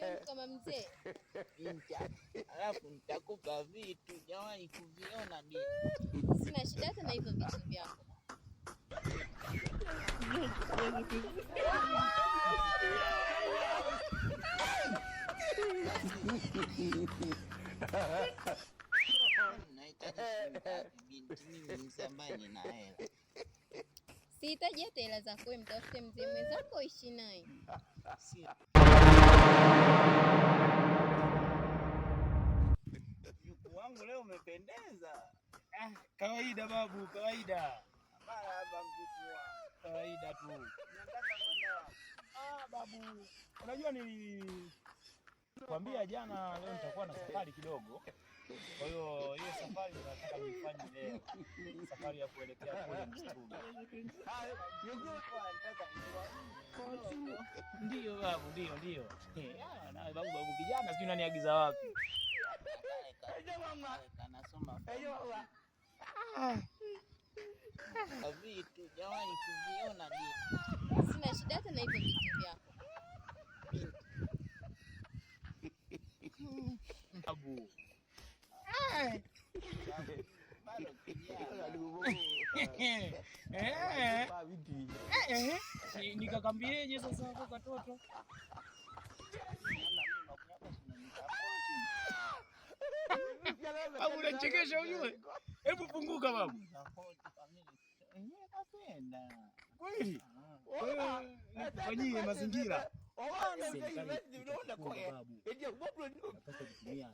Eh. kama mzee alafu nitakupa vitu jawahi kuviona bi. Sina shida hata na hivyo vitu vyako. Naitaka binti mimi msambani na hela Sihitaji hata hela kwe, mtafute mzee mwenzako uishi naye. Mjukuu wangu leo umependeza. Ah, kawaida babu, kawaida. Kawaida tu. Ah, babu, unajua ni Nilikwambia jana leo nitakuwa na safari kidogo. Kwa hiyo hiyo safari nataka nifanye leo. Safari ya kuelekea kule msituni. Ndio babu, ndio ndio. Na babu babu kijana sijui nani agiza wapi. Sina shida hata na hivyo vitu vyako. Nikakwambieje sasa kwa katoto au unachekesha ujue? Hebu funguka babu. Kweli fanyie mazingira Eh, eh,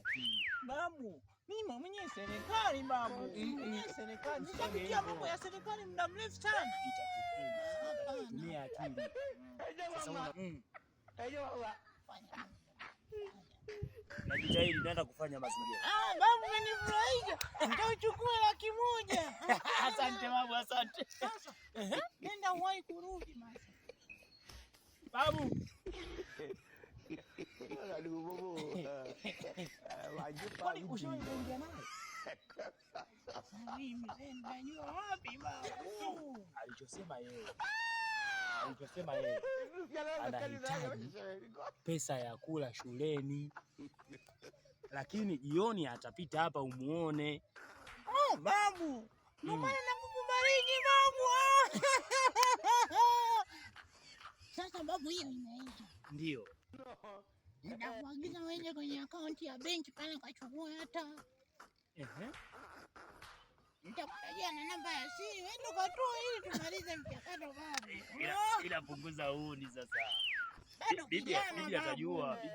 babu, mimi mwenye serikali babu, eh, serikali nishapitia mambo ya serikali muda mrefu sana. Mm. Najitahidi naenda kufanya mazingira. Ah, babu umenifurahisha. Nitachukua laki moja. Asante babu, asante. Sasa nenda uwahi kurudi masa. Babu. Alichosema yeye alichosema yeye anahitaji pesa ya kula shuleni, lakini jioni atapita hapa umuone. Oh, babu, ndio maana hmm. nakukubariki babu sababu hiyo inaitwa ndio nakuagiza uende kwenye akaunti ya benki pale kachukua hata nitakutajia na namba ya siri, wende ukatoa ili tumalize mchakato bado. Inapunguza huni sasa, bado kijana atajua.